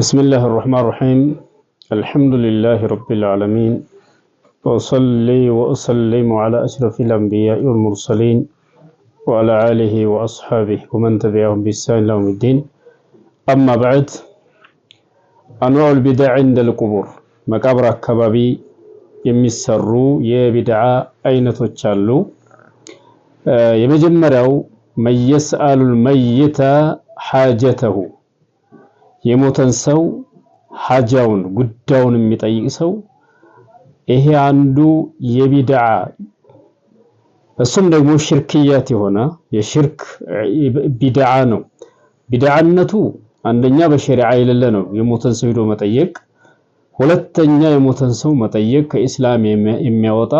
بسم الله الرحمن الرحيم الحمد لله رب العالمين وصلي وأسلم على أشرف الأنبياء والمرسلين وعلى آله وأصحابه ومن تبعهم بإحسان إلى يوم الدين أما بعد أنواع البدع عند القبور مقابر يا የሚሰሩ أين አይነቶች አሉ። من يسأل الميت حاجته የሞተን ሰው ሐጃውን ጉዳዩን የሚጠይቅ ሰው ይሄ አንዱ የቢድዓ እሱም ደግሞ ሽርክያት የሆነ የሽርክ ቢድዓ ነው። ቢድዓነቱ አንደኛ በሸሪዓ የሌለ ነው፣ የሞተን ሰው ሄዶ መጠየቅ። ሁለተኛ የሞተን ሰው መጠየቅ ከኢስላም የሚያወጣ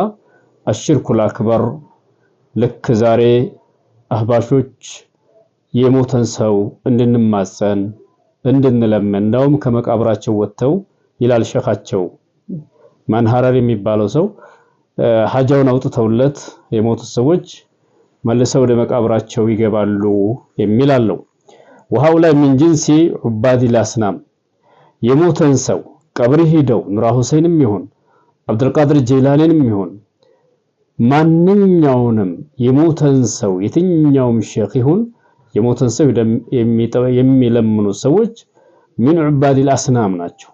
አሽርኩል አክበር። ልክ ዛሬ አህባሾች የሞተን ሰው እንድንማፀን እንድንለምን እንዳውም ከመቃብራቸው ወጥተው ይላል ሸኻቸው ማንሃራር የሚባለው ሰው ሀጃውን አውጥተውለት የሞቱት ሰዎች መልሰው ወደ መቃብራቸው ይገባሉ የሚል አለው። ወሃው ላይ ምን ጅንሲ ዑባዲ ላስናም የሞተን ሰው ቀብር ሂደው ኑራ ሁሴንም ይሁን አብዱልቃድር ጀይላኔንም ይሁን ማንኛውንም የሞተን ሰው የትኛውም ሼክ ይሁን የሞተን ሰው የሚለምኑ ሰዎች ሚን ዑባዲል አስናም ናቸው።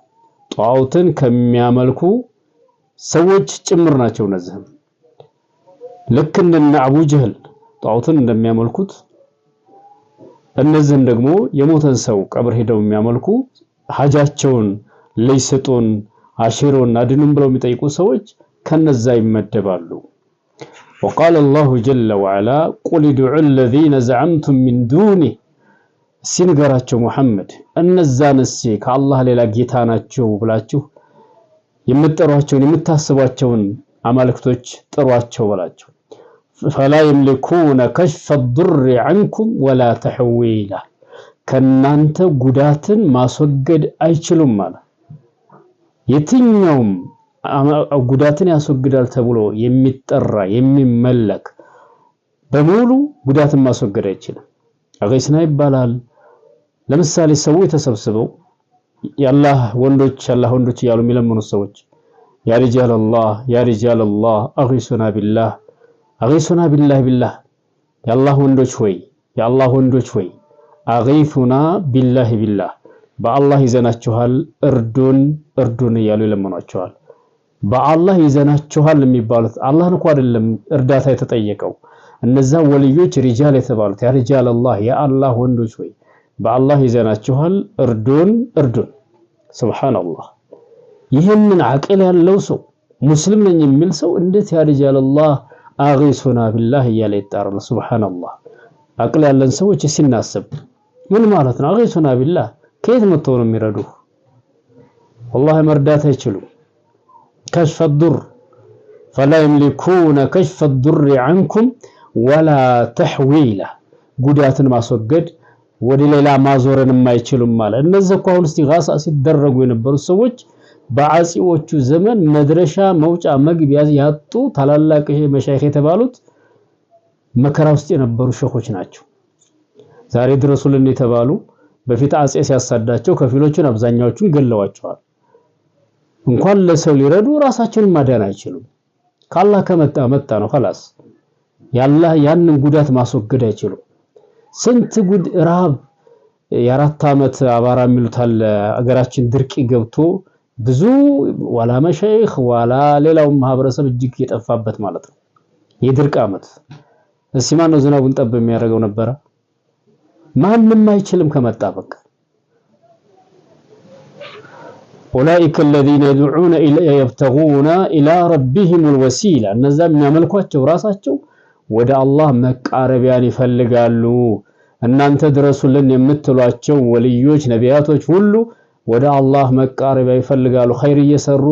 ጣዖትን ከሚያመልኩ ሰዎች ጭምር ናቸው። እነዚህም ልክ እንደነ አቡ ጀህል እንደሚያመልኩት እነዚህም ደግሞ የሞተን ሰው ቀብር ሄደው የሚያመልኩ ሀጃቸውን ልጅ ስጡን፣ አሽሮን አድኑን ብለው የሚጠይቁ ሰዎች ከነዛ ይመደባሉ። ወቃለ አላሁ ጀለ ወዓላ ቁል ድዑ ለዚነ ዘዓምቱም ሚን ዱኒህ እስቲ ሙሐመድ እነዛን እስቲ ከአላህ ሌላ ጌታ ናቸው ብላችሁ የምትጠሯቸውን የምታስቧቸውን አማልክቶች ጥሯቸው ብላችሁ ፈላ የምሊኩነ ከሽፈ ዱሪ ዐንኩም ወላ ተሕዊላ ከእናንተ ጉዳትን ማስወገድ አይችሉም አለ የትኛውም ጉዳትን ያስወግዳል ተብሎ የሚጠራ የሚመለክ በሙሉ ጉዳትን ማስወገድ አይችልም። አገይስና ይባላል። ለምሳሌ ሰው የተሰብስበው የአላህ ወንዶች ያላህ ወንዶች እያሉ የሚለምኑ ሰዎች ያ አላህ ያ አላህ አጊሱና ቢላህ አጊሱና ቢላህ ቢላህ የአላህ ወንዶች ወይ የአላህ ወንዶች ወይ አጊሱና ቢላህ ቢላህ በአላህ ይዘናችኋል እርዱን እርዱን እያሉ ይለምኗቸዋል። በአላህ ይዘናችኋል የሚባሉት አላህን እንኳ አይደለም እርዳታ የተጠየቀው እነዛ ወልዮች ሪጃል የተባሉት ያ ሪጃል አላህ የአላህ ወንዶች ወይ በአላህ ይዘናችኋል እርዱን እርዱን። ሱብሃነላህ ይህንን አቅል ያለው ሰው ሙስሊም ነኝ የሚል ሰው እንዴት ያ ሪጃል አላህ አጊሱና ቢላህ እያለ ይጣራል? ሱብሃነላህ አቅል ያለን ሰዎች ሲናስብ ምን ማለት ነው? አጊሱና ቢላህ ከየት መጥተው ነው የሚረዱ? ወላሂ መርዳት አይችሉም። ከሽፈ ዱር ፈላ የምሊኩነ ከሽፈ ዱሪ አንኩም ወላ ተሕዊላ ጉዳትን ማስወገድ ወደ ሌላ ማዞረን የማይችሉም አለ። እነዚህ እኮ አሁን እስቲጋሳ ሲደረጉ የነበሩ ሰዎች በአጼዎቹ ዘመን መድረሻ መውጫ መግቢያ ያጡ ታላላቅ መሻይኽ የተባሉት መከራ ውስጥ የነበሩ ሸኾች ናቸው። ዛሬ ድረሱልን የተባሉ በፊት አጼ ሲያሳዳቸው ከፊሎቹን አብዛኛዎቹን ገለዋቸዋል። እንኳን ለሰው ሊረዱ ራሳቸውን ማዳን አይችሉም። ካላህ ከመጣ መጣ ነው ኸላስ። ያላህ ያንን ጉዳት ማስወገድ አይችሉም። ስንት ጉድ ረሃብ የአራት ዓመት አባራ የሚሉታል አገራችን ድርቂ ገብቶ ብዙ ዋላ መሸይኽ ዋላ ሌላውን ማህበረሰብ እጅግ የጠፋበት ማለት ነው። የድርቅ ዓመት እስኪ ማን ነው ዝናቡን ጠብ የሚያደርገው ነበረ? ማንም አይችልም ከመጣ በቃ ኡላኢከ አለዚነ የድዑነ የብተጉነ ኢላ ረቢሂሙል ወሲላ እነዛ የሚያመልኳቸው ራሳቸው ወደ አላህ መቃረቢያን ይፈልጋሉ። እናንተ ድረሱልን የምትሏቸው ወልዮች፣ ነቢያቶች ሁሉ ወደ አላህ መቃረቢያ ይፈልጋሉ። ኸይር እየሰሩ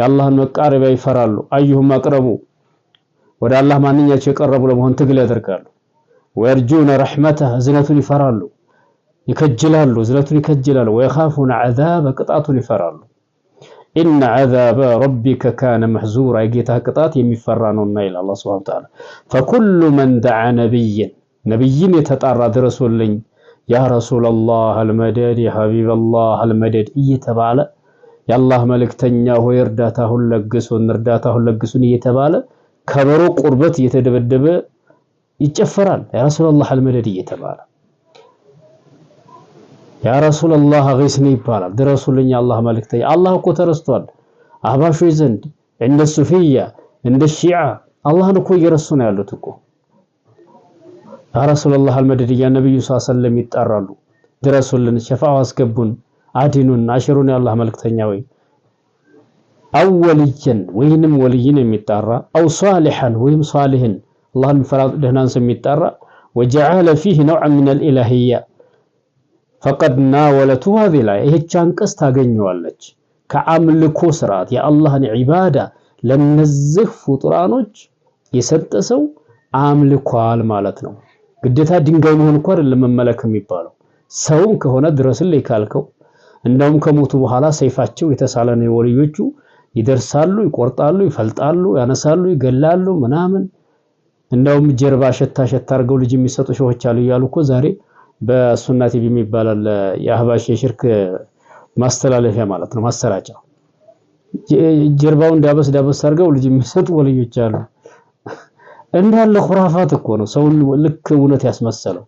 የአላህን መቃረቢያ ይፈራሉ። አዩሁም አቅረቡ ወደ አላህ ማንኛቸው የቀረቡ ለመሆን ትግል ያደርጋሉ። ወየርጁነ ረሕመተህ እዝነቱን ይፈራሉ። ይከጅላሉ፣ እዝለቱን ይከጅላሉ። ወየኻፉነ ዐዛበ ቅጣቱን ይፈራሉ። ኢነ ዐዛበ ረቢከ ካነ መሕዙራ የጌታ ቅጣት የሚፈራ ነውና ይላል አላህ ሱብሓነሁ ወተዓላ። ፈኩሉ መን ደዓ ነቢይን ነቢይን የተጣራ ድረሱልኝ ያ ረሱለላህ አልመደድ የሐቢበላህ አልመደድ እየተባለ የአላህ መልእክተኛ ሆይ እርዳታሁን ለግሱን እርዳታሁን ለግሱን እየተባለ ከበሮ ቁርበት እየተደበደበ ይጨፈራል። ያ ረሱለላህ አልመደድ እየተባለ ያ ረሱለላህ ገስኒ ይባላል። ድረሱልኝ አላህ መልእክተኛ። አላህ እኮ ተረስቷል አህባሾች ዘንድ እንደ ሱፊያ እንደ ሺዓ አላህን እኮ እየረሱ ነው ያሉት እኮ። ያ ረሱለላህ አልመደድያ ነብዩ ሰለም ይጣራሉ። ድረሱልን፣ ሸፋው አስገቡን፣ አዲኑን፣ አሽሩን የአላህ መልክተኛ ወይ አው ወልይን ወይንም ወልይን የሚጣራ አው ሷሊሐን ወይም ሷሊህን አላህን ፈራ ደህናን የሚጣራ ወጀዓለ ፊህ ነውዐ ሚነል ኢላሂያ ፈቀድና ናወለቱ ሀዚላ ይህች አንቀጽ ታገኘዋለች። ከአምልኮ ስርዓት የአላህን ዒባዳ ለነዚህ ፍጡራኖች የሰጠ ሰው አምልኳል ማለት ነው። ግዴታ ድንጋይ መሆን እኮ አይደለም መመለክ የሚባለው ሰውም ከሆነ ድረስልኝ ካልከው፣ እንደውም ከሞቱ በኋላ ሰይፋቸው የተሳለ ነው። የወልዮቹ ይደርሳሉ፣ ይቆርጣሉ፣ ይፈልጣሉ፣ ያነሳሉ፣ ይገላሉ ምናምን። እንደውም ጀርባ ሸታ ሸታ አድርገው ልጅ የሚሰጡ ሸዎች አሉ እያሉ እኮ ዛሬ በሱና ቲቪ የሚባላል የአህባሽ የሽርክ ማስተላለፊያ ማለት ነው ማሰራጫ ጀርባውን ዳበስ ዳበስ አድርገው ልጅ የሚሰጡ ወልዮች አሉ። እንዳለ ሁራፋት እኮ ነው ሰውን ልክ እውነት ያስመሰለው።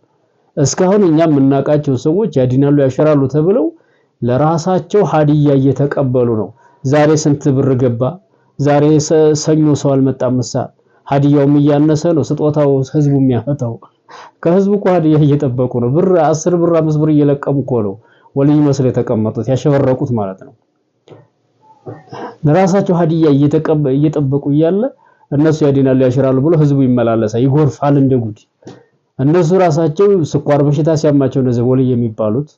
እስካሁን እኛ የምናውቃቸው ሰዎች ያዲናሉ ያሸራሉ ተብለው ለራሳቸው ሀዲያ እየተቀበሉ ነው። ዛሬ ስንት ብር ገባ፣ ዛሬ ሰኞ ሰው አልመጣምሳ፣ ሀዲያውም እያነሰ ነው፣ ስጦታው ህዝቡ የሚያፈታው ከህዝቡ እኮ ሀዲያ እየጠበቁ ነው። ብር አስር ብር አምስት ብር እየለቀሙ እኮ ነው ወልይ መስል የተቀመጡት ያሸበረቁት ማለት ነው። ለራሳቸው ሀዲያ እየጠበቁ እያለ እነሱ ያድናሉ ያሽራሉ ብሎ ህዝቡ ይመላለሳል፣ ይጎርፋል እንደ ጉድ። እነሱ ራሳቸው ስኳር በሽታ ሲያማቸው እንደዚህ ወልይ የሚባሉት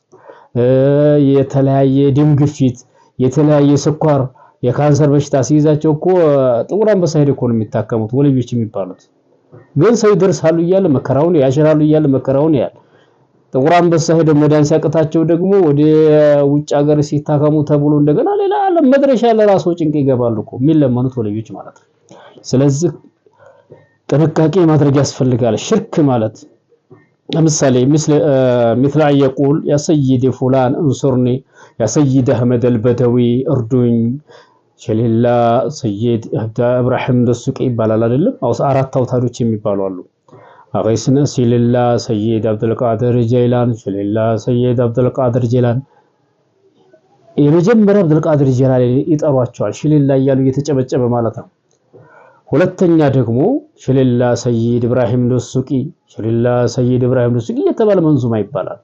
የተለያየ ደም ግፊት፣ የተለያየ ስኳር፣ የካንሰር በሽታ ሲይዛቸው እኮ ጥቁር አንበሳ ሄደው እኮ ነው የሚታከሙት ወልዮች የሚባሉት። ግን ሰው ይደርሳሉ እያለ መከራውን ያሸራሉ እያለ መከራውን ያህል ጥቁር አንበሳ ሄደው መዳን ሲያቅታቸው ደግሞ ወደ ውጭ ሀገር ሲታከሙ ተብሎ እንደገና ሌላ ዓለም መድረሻ ለራስዎ ጭንቅ ይገባሉ እኮ የሚለመኑት ወለዮች ማለት ነው። ስለዚህ ጥንቃቄ ማድረግ ያስፈልጋል። ሽርክ ማለት ለምሳሌ ሚስለ የቁል ያ ሰይድ ፉላን እንሱርኒ ያ ሰይድ አህመድ አልበደዊ እርዱኝ ሸሊላ ሰየድ ሀብታ እብራሂም ደሱቂ ይባላል አይደለም። አውስ አራት አውታዶች የሚባሉ አሉ። አቀይስነ ሸሌላ ሰይድ አብዱልቃድር ጀይላን፣ ሸሊላ ሰይድ አብዱልቃድር ጀይላን። የመጀመሪያ አብዱልቃድር ጀይላን ይጠሯቸዋል፣ ሸሊላ እያሉ እየተጨበጨበ ማለት ነው። ሁለተኛ ደግሞ ሸሊላ ሰይድ እብራሂም ደሱቂ፣ ሸሊላ ሰይድ እብራሂም ደሱቂ እየተባለ መንዙማ ይባላል።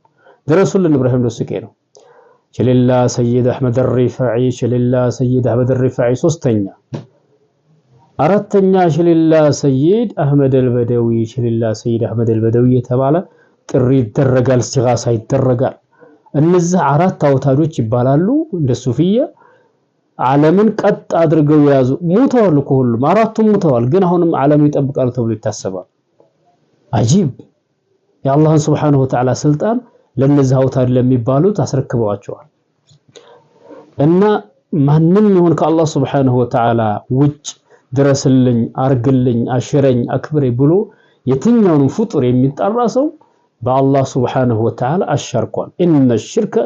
ደረሱልን እብራሂም ደሱቂ ነው። ሽልላ ሰይድ አህመድ ሪፋዒ ሽልላ ሰይድ አህመድ ሪፋዒ ሶስተኛ። አራተኛ ሽልላ ሰይድ አህመድ አልበደዊ ሽልላ ሰይድ አህመድ አልበደዊ የተባለ ጥሪ ይደረጋል፣ ስቲጋሳ ይደረጋል። እነዚህ አራት አውታዶች ይባላሉ። እንደ ሱፊያ ዓለምን ቀጥ አድርገው የያዙ ሙተዋል እኮ ሁሉም አራቱም ሙተዋል። ግን አሁንም ዓለም ይጠብቃሉ ተብሎ ይታሰባል። አጂብ የአላህን ስብሓነሁ ወተዓላ ስልጣን ለነዚህ አውታር ለሚባሉት አስረክበዋቸዋል። እና ማንም ይሁን ከአላህ ስብሓንሁ ወተዓላ ውጭ ድረስልኝ፣ አርግልኝ፣ አሽረኝ፣ አክብሬ ብሎ የትኛውንም ፍጡር የሚጠራ ሰው በአላህ ስብሓንሁ ወተዓላ አሻርኳል። ኢነ ሽርከ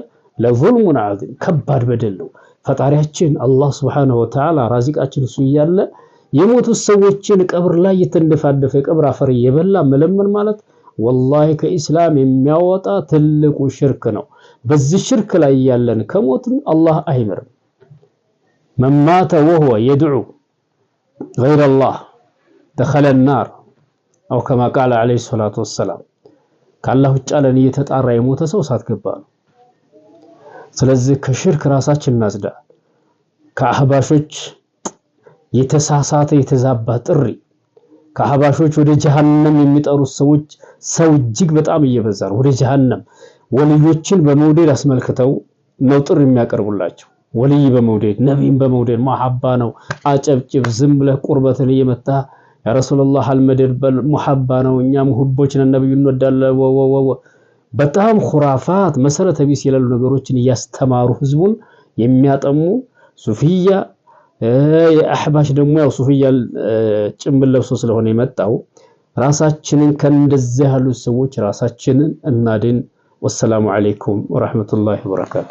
ለዙልሙን ዓዚም ከባድ በደል ነው። ፈጣሪያችን አላህ ስብሓንሁ ወተዓላ ራዚቃችን እሱ እያለ የሞቱ ሰዎችን ቀብር ላይ የተንደፋደፈ የቀብር አፈር እየበላ መለመን ማለት ወላሂ ከኢስላም የሚያወጣ ትልቁ ሽርክ ነው። በዚህ ሽርክ ላይ ያለን ከሞትን አላህ አይምርም። መማተ ወህወ የድዑ ገይረላህ ደኸለ ናር አው ከማ ቃለ ዓለይሂ ሰላቱ ወሰላም ከአላህ ውጭ አለን እየተጣራ የሞተ ሰው እሳት ገባ ነው። ስለዚህ ከሽርክ ራሳችን እናጽዳ። ከአህባሾች የተሳሳተ የተዛባ ጥሪ ከአህባሾች ወደ ጀሃነም የሚጠሩት ሰዎች ሰው እጅግ በጣም እየበዛ ነው። ወደ ጀሃነም ወልዮችን በመውደድ አስመልክተው ነው ጥሪ የሚያቀርቡላቸው። ወልይ በመውደድ ነቢይን በመውደድ መሐባ ነው። አጨብጭብ፣ ዝም ብለህ ቁርበት ላይ የመታ ያ ረሱላህ አልመደድ በል መሐባ ነው። እኛም ሁቦች ነን፣ ነብዩ እንወዳለን። ወወወ በጣም ኹራፋት መሰረተ ቢስ የሌሉ ነገሮችን እያስተማሩ ህዝቡን የሚያጠሙ ሱፊያ የአህባሽ ደግሞ ያው ሱፍያል ጭምብል ለብሶ ስለሆነ የመጣው ራሳችንን ከእንደዚህ ያሉት ሰዎች ራሳችንን እናድን። ወሰላሙ አለይኩም ወራህመቱላሂ ወበረካቱ።